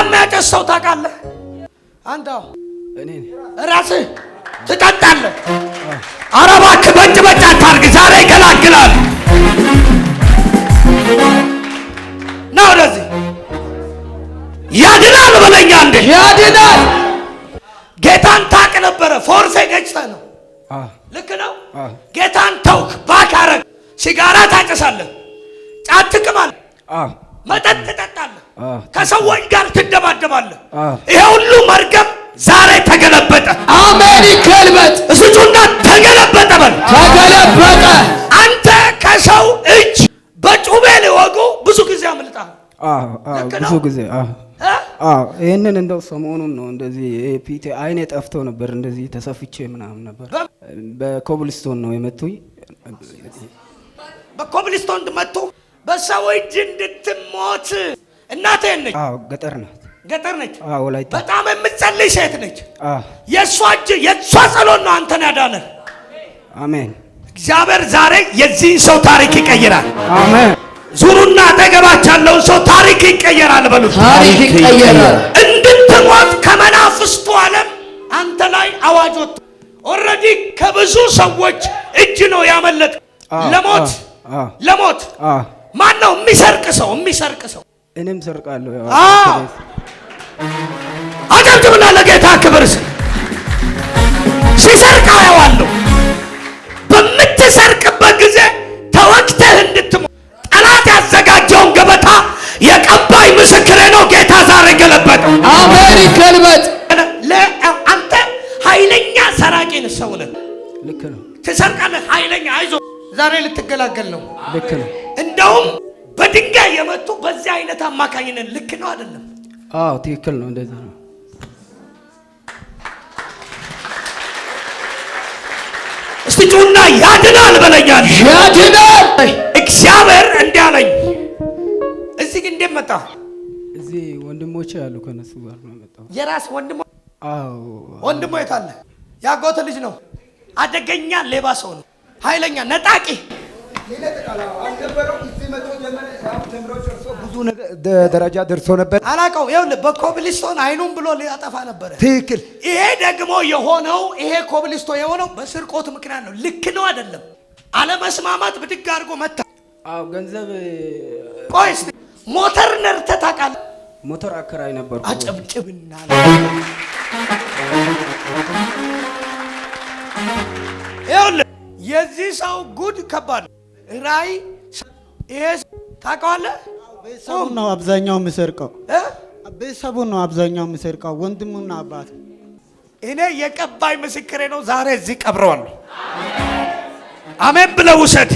የሚያጨስ ሰው ታውቃለህ? አንተ እኔ ራስህ ትጠጣለህ። ኧረ እባክህ በጭ በጭ አታድርግ። ዛሬ ይገላግላል። ና ወደዚህ። ያድናል በለኛ። እንደ ያድናል ጌታን ታቅ ነበረ። ፎርሴ ገጭተህ ነው። ልክ ነው። ጌታን ተውክ፣ ባክ ሲጋራ ታጨሳለህ፣ ጫት ትቅማለህ መጠጥ ትጠጣለህ፣ ከሰዎች ጋር ትደባደባለህ። ይሄ ሁሉ መርገም ዛሬ ተገለበጠ። አሜን። ይገልበጥ እስጩና ተገለበጠ፣ በል ተገለበጠ። አንተ ከሰው እጅ በጩቤ ሊወጉ ብዙ ጊዜ አምልጣል። ብዙ ጊዜ ይህንን እንደው ሰሞኑን ነው እንደዚህ ፒቴ አይኔ ጠፍተው ነበር። እንደዚህ ተሰፍቼ ምናምን ነበር። በኮብልስቶን ነው የመቱኝ። በኮብልስቶን መቱ። በሰው እጅ እንድትሞት እናቴ ነች። አዎ ገጠር ናት፣ ገጠር ነች። አዎ ወላይታ በጣም የምትጸልይ ሴት ነች። አዎ የእሷ እጅ የእሷ ጸሎት ነው አንተን ያዳነ። አሜን። እግዚአብሔር ዛሬ የዚህን ሰው ታሪክ ይቀይራል። አሜን። ዙሩና አጠገባች ያለውን ሰው ታሪክ ይቀየራል። በሉ ታሪክ ይቀየራል። እንድትሞት ከመናፍስቱ ዓለም አንተ ላይ አዋጅ ወጥቶ ኦልሬዲ ከብዙ ሰዎች እጅ ነው ያመለጥ ለሞት ለሞት ማን ነው የሚሰርቅ ሰው? የሚሰርቅ ሰው እኔም ሰርቃለሁ። አጨብጭብና ለጌታ ክብር። ሲሰርቅ አየዋለሁ። በምትሰርቅ ዛሬ ልትገላገል ነው። ልክ ነው። እንደውም በድንጋይ የመቱ በዚህ አይነት አማካኝነት ልክ ነው አይደለም? አዎ ትክክል ነው። እንደዚህ ነው። እስቲ ጩና ያድናል በለኛል። ያድናል እግዚአብሔር እንዲህ አለኝ። እዚህ ግን እንዴት መጣ? እዚህ ወንድሞች ያሉ ከነሱ ጋር ነው መጣሁ። የራስ ወንድሞ? አዎ ወንድሞ የት አለ? ያጎት ልጅ ነው። አደገኛ ሌባ ሰው ነው። ኃይለኛ ነጣቂ ብዙ ደረጃ ደርሶ ነበር። አላቀው ይኸውልህ በኮብልስቶን አይኑን ብሎ ሊያጠፋ ነበረ። ትክክል። ይሄ ደግሞ የሆነው ይሄ ኮብልስቶ የሆነው በስርቆት ምክንያት ነው። ልክ ነው አይደለም? አለመስማማት ብድግ አድርጎ መታ። አዎ፣ ገንዘብ ቆይስ፣ ሞተር ነርተህ ታውቃለህ? ሞተር አከራይ ነበር። አጨብጭብና የዚህ ሰው ጉድ ከባድ ራይ ይሄ ታውቀዋለህ። ቤተሰቡን ነው አብዛኛው የሚሰርቀው። ቤተሰቡን ነው አብዛኛው የሚሰርቀው፣ ወንድሙና አባት። እኔ የቀባይ ምስክሬ ነው። ዛሬ እዚህ ቀብረዋል። አሜን ብለው ውሰድ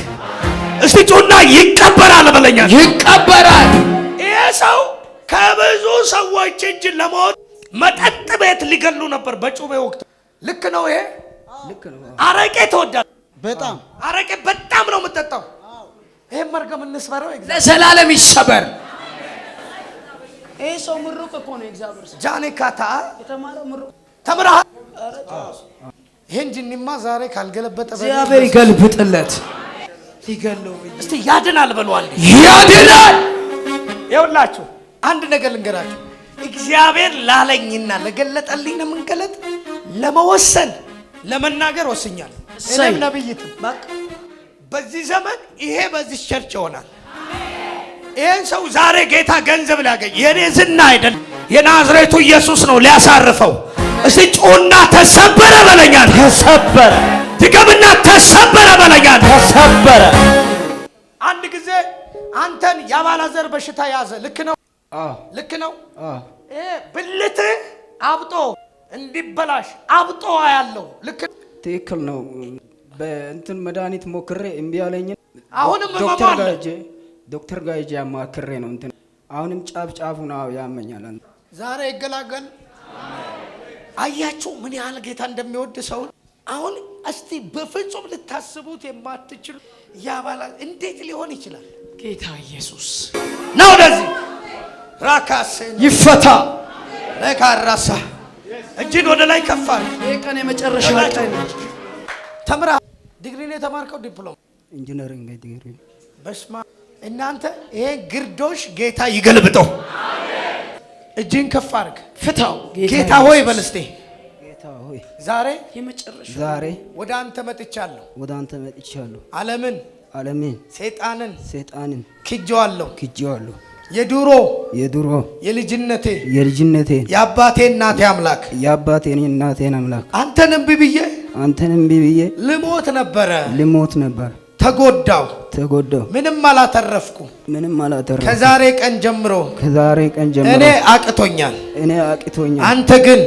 እስቲ ጩና፣ ይቀበራል በለኛ፣ ይቀበራል። ይሄ ሰው ከብዙ ሰዎች እጅ ለሞት መጠጥ ቤት ሊገሉ ነበር በጩቤ ወቅት። ልክ ነው ይሄ። አረቄ ተወዳል በጣም አረቄ በጣም ነው የምጠጣው። ይሄ መርገም እንስበረው፣ ለዘላለም ይሰበር። ይሄ ሰው ምሩቅ እኮ ነው። እግዚአብሔር ጃኔ ካታ የተማረው ምሩቅ ተምረሃል። ይሄን ጅኒማ ዛሬ ካልገለበጠ እግዚአብሔር ይገልብጥለት፣ ይገለው። እስቲ ያድናል በሏል፣ ያድናል። ይኸውላችሁ አንድ ነገር ልንገራችሁ። እግዚአብሔር ላለኝና ለገለጠልኝ ነው የምንገለጥ ለመወሰን ለመናገር ወስኛለሁ እኔም ነብይትም በዚህ ዘመን ይሄ በዚህ ቸርች ይሆናል። ይሄን ሰው ዛሬ ጌታ ገንዘብ ሊያገኝ የኔ ዝና አይደል የናዝሬቱ ኢየሱስ ነው ሊያሳርፈው። እስቲ ጩና ተሰበረ በለኛል። ተሰበረ ድገምና ተሰበረ በለኛል። ተሰበረ አንድ ጊዜ አንተን የአባላዘር በሽታ ያዘ። ልክ ነው፣ ልክ ነው። ብልት አብጦ እንዲበላሽ አብጦ ያለው ልክ ነው። ትክክል ነው። በእንትን መድኃኒት ሞክሬ እምቢ አለኝ። አሁንም ዶክተር ጋር ሂጄ ዶክተር ጋር ሂጄ አማክሬ ነው እንትን አሁንም ጫፍ ጫፉን ያመኛል። ዛሬ ይገላገል። አያችሁ ምን ያህል ጌታ እንደሚወድ ሰውን። አሁን እስቲ በፍጹም ልታስቡት የማትችሉ ያባላ እንዴት ሊሆን ይችላል? ጌታ ኢየሱስ ና ወደዚህ ራካሴ ይፈታ ለካራሳ እጅን ወደ ላይ ከፍ አድርግ። ይሄ ቀን የመጨረሻ ቀን ተምራ ዲግሪ ነው የተማርከው፣ ዲፕሎማ ኢንጂነሪንግ ዲግሪ። በስማ እናንተ ይሄ ግርዶሽ ጌታ ይገልብጠው። እጅን ከፍ አርግ፣ ፍታው። ጌታ ሆይ በልስቴ ዛሬ የመጨረሻ ዛሬ ወደ አንተ መጥቻለሁ፣ ወደ አንተ መጥቻለሁ። ዓለምን ዓለምን፣ ሰይጣንን ሰይጣንን ክጄዋለሁ፣ ክጄዋለሁ የድሮ የድሮ የልጅነቴ የልጅነቴ የአባቴ እናቴ አምላክ የአባቴ እናቴን አምላክ አንተን እምቢ ብዬ አንተን እምቢ ብዬ ልሞት ነበረ ልሞት ነበር። ተጎዳው ተጎዳው ምንም አላተረፍኩ ምንም አላተረፍኩ። ከዛሬ ቀን ጀምሮ ከዛሬ ቀን ጀምሮ እኔ አቅቶኛል እኔ አቅቶኛል። አንተ ግን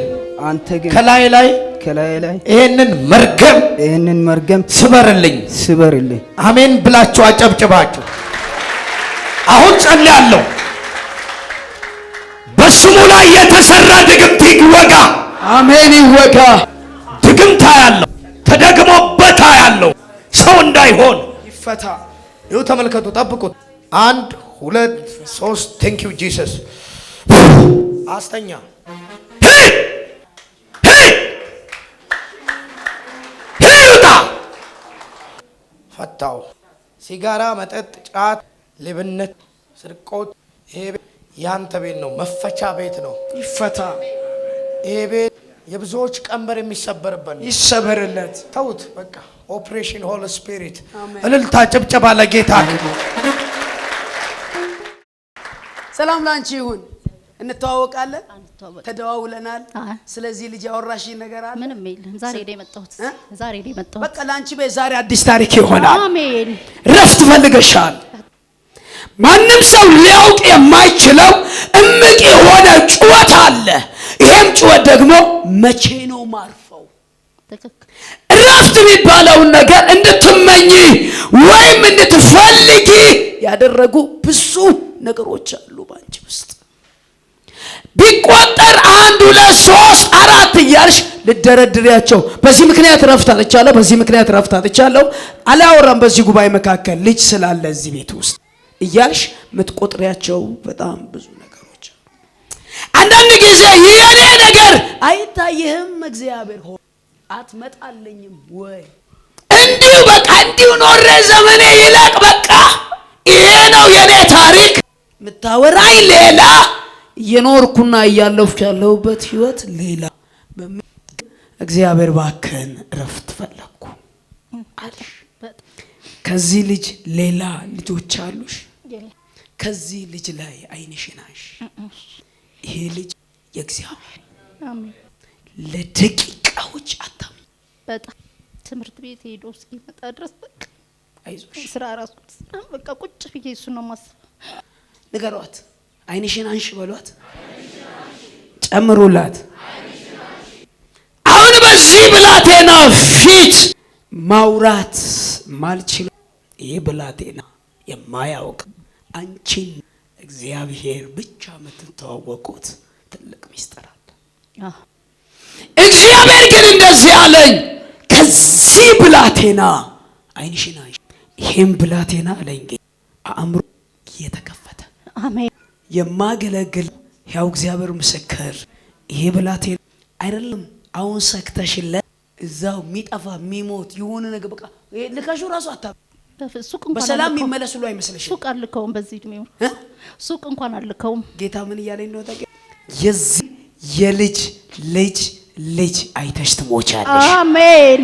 አንተ ግን ከላይ ላይ ከላይ ላይ ይሄንን መርገም ይሄንን መርገም ስበርልኝ ስበርልኝ። አሜን ብላችሁ አጨብጭባችሁ አሁን ጸልያለሁ። በስሙ ላይ የተሰራ ድግምት ይወጋ። አሜን። ይወጋ። ድግምታ ያለው ተደግሞበታ ያለው ሰው እንዳይሆን ይፈታ። ይኸው ተመልከቱ፣ ጠብቁት። አንድ ሁለት ሶስት። ቴንክ ዩ ጂሰስ። አስተኛ ፈታው። ሲጋራ፣ መጠጥ፣ ጫት ሌብነት፣ ስርቆት ይሄ ያንተ ቤት ነው፣ መፈቻ ቤት ነው። ይፈታ ይሄ ቤት። የብዙዎች ቀንበር የሚሰበርበት ነው። ይሰበርለት። ተውት በቃ። ኦፕሬሽን ሆል ስፒሪት። እልልታ ጭብጨባ ለጌታ። ሰላም ላንቺ ይሁን። እንተዋወቃለን ተደዋውለናል። ስለዚህ ልጅ ያወራሽ ነገር አለ? ምንም የለም። ዛሬ ላይ መጣሁት። ዛሬ ላይ መጣሁት። በቃ ላንቺ በዛሬ አዲስ ታሪክ ይሆናል። አሜን። ረፍት ፈልገሻል። ማንም ሰው ሊያውቅ የማይችለው እምቅ የሆነ ጩኸት አለ። ይሄም ጩኸት ደግሞ መቼ ነው ማርፈው? እረፍት የሚባለውን ነገር እንድትመኝ ወይም እንድትፈልጊ ያደረጉ ብዙ ነገሮች አሉ በአንቺ ውስጥ ቢቆጠር አንድ ሁለት ሶስት አራት እያልሽ ልደረድሪያቸው። በዚህ ምክንያት ረፍት አጥቻለሁ፣ በዚህ ምክንያት ረፍት አጥቻለሁ። አላወራም። በዚህ ጉባኤ መካከል ልጅ ስላለ እዚህ ቤት ውስጥ እያልሽ የምትቆጥሪያቸው በጣም ብዙ ነገሮች። አንዳንድ ጊዜ የኔ ነገር አይታይህም እግዚአብሔር ሆይ አትመጣልኝም ወይ እንዲሁ በቃ እንዲሁ ኖሬ ዘመኔ ይለቅ በቃ ይሄ ነው የኔ ታሪክ ምታወራኝ ሌላ እየኖርኩና እያለፍኩ ያለሁበት ህይወት ሌላ። እግዚአብሔር ባከን እረፍት ፈለግኩ አልሽ። ከዚህ ልጅ ሌላ ልጆች አሉሽ። ከዚህ ልጅ ላይ አይንሽናሽ አንሺ። ይሄ ልጅ የእግዚአብሔር ለደቂቃዎች አታም በጣም ትምህርት ቤት ሄዶ እስኪመጣ ድረስ አይዞሽ፣ ስራ ራሱ በቃ ቁጭ ብዬ እሱ ነው ማስብ። ንገሯት፣ ዓይንሽን አንሺ በሏት፣ ጨምሩላት። አሁን በዚህ ብላቴና ፊት ማውራት ማልችል ይህ ብላቴና የማያውቅ አንቺን እግዚአብሔር ብቻ የምትተዋወቁት ትልቅ ሚስጥር አለ። እግዚአብሔር ግን እንደዚህ አለኝ፣ ከዚህ ብላቴና አይንሽና ይሄን ብላቴና አለኝ አእምሮ እየተከፈተ የማገለግል ያው እግዚአብሔር ምስክር ይሄ ብላቴና አይደለም። አሁን ሰክተሽለ እዛው የሚጠፋ የሚሞት የሆነ ነገር በቃ ልከሹ ራሱ አታ በሰላም የሚመለስ ሁሉ አይመስልሽም? ሱቅ አልከውም፣ በዚህ እድሜው ሱቅ እንኳን አልከውም። ጌታ ምን እያለኝ ነው? ታውቂ የዚህ የልጅ ልጅ ልጅ አይተሽ ትሞቻለሽ። አሜን።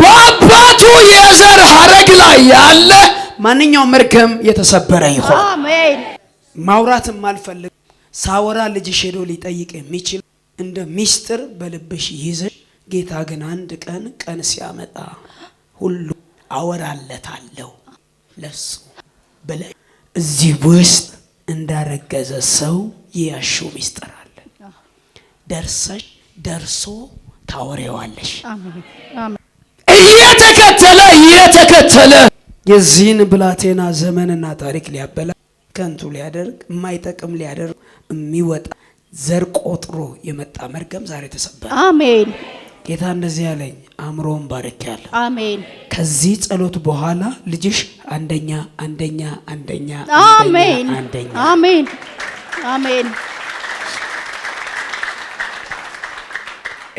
በአባቱ የዘር ሀረግ ላይ ያለ ማንኛውም እርግም የተሰበረ ይሆን። አሜን። ማውራትም ሳወራ ልጅሽ ሄዶ ሊጠይቅ የሚችል እንደ ሚስጥር በልብሽ ይዘሽ ጌታ ግን አንድ ቀን ቀን ሲያመጣ ሁሉ አወራለታለሁ ለሱ ብለ እዚህ ውስጥ እንዳረገዘ ሰው የያሹ ሚስጥር አለ። ደርሰሽ ደርሶ ታወሬዋለሽ። እየተከተለ እየተከተለ የዚህን ብላቴና ዘመንና ታሪክ ሊያበላ ከንቱ ሊያደርግ የማይጠቅም ሊያደርግ የሚወጣ ዘር ቆጥሮ የመጣ መርገም ዛሬ ተሰበረ። አሜን። ጌታ እንደዚህ ያለኝ አእምሮውን ባርኬያለሁ። አሜን። ከዚህ ጸሎት በኋላ ልጅሽ አንደኛ አንደኛ አንደኛ አሜን አንደኛ አሜን አሜን።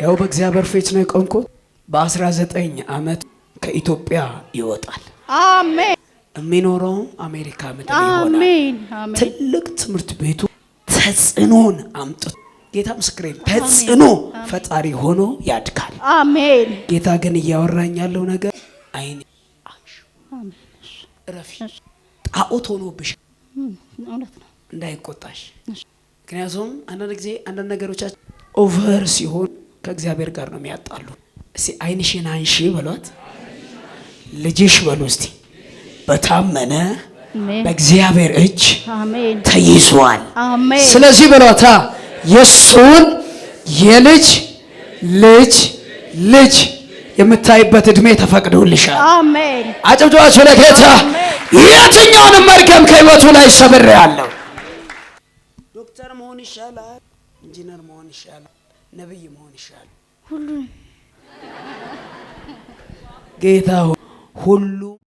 ያው በእግዚአብሔር ፊት ነው የቆምኩት። በ19 ዓመት ከኢትዮጵያ ይወጣል። አሜን። የሚኖረው አሜሪካ ምድር ይሆናል። ትልቅ ትምህርት ቤቱ ተጽዕኖን አምጥቶ ጌታ ምስክሬ ተጽዕኖ ፈጣሪ ሆኖ ያድጋል። አሜን። ጌታ ግን እያወራኝ ያለው ነገር አይኔ ረፊ ጣዖት ሆኖብሽ እንዳይቆጣሽ። ምክንያቱም አንዳንድ ጊዜ አንዳንድ ነገሮቻችን ኦቨር ሲሆን ከእግዚአብሔር ጋር ነው የሚያጣሉ። እስቲ አይንሽን አንሺ በሏት፣ ልጅሽ በሉ እስቲ በታመነ በእግዚአብሔር እጅ ተይዟል። ስለዚህ ብሎታ የእሱን የልጅ ልጅ ልጅ የምታይበት እድሜ ተፈቅዶልሻል። አሜን። አጨብጨባችሁ ለጌታ። የትኛውንም መርገም ከህይወቱ ላይ ሰብር ያለው ዶክተር መሆን ይሻላል፣ ኢንጂነር መሆን ይሻላል፣ ነብይ መሆን ይሻላል። ሁሉ ጌታ ሁሉ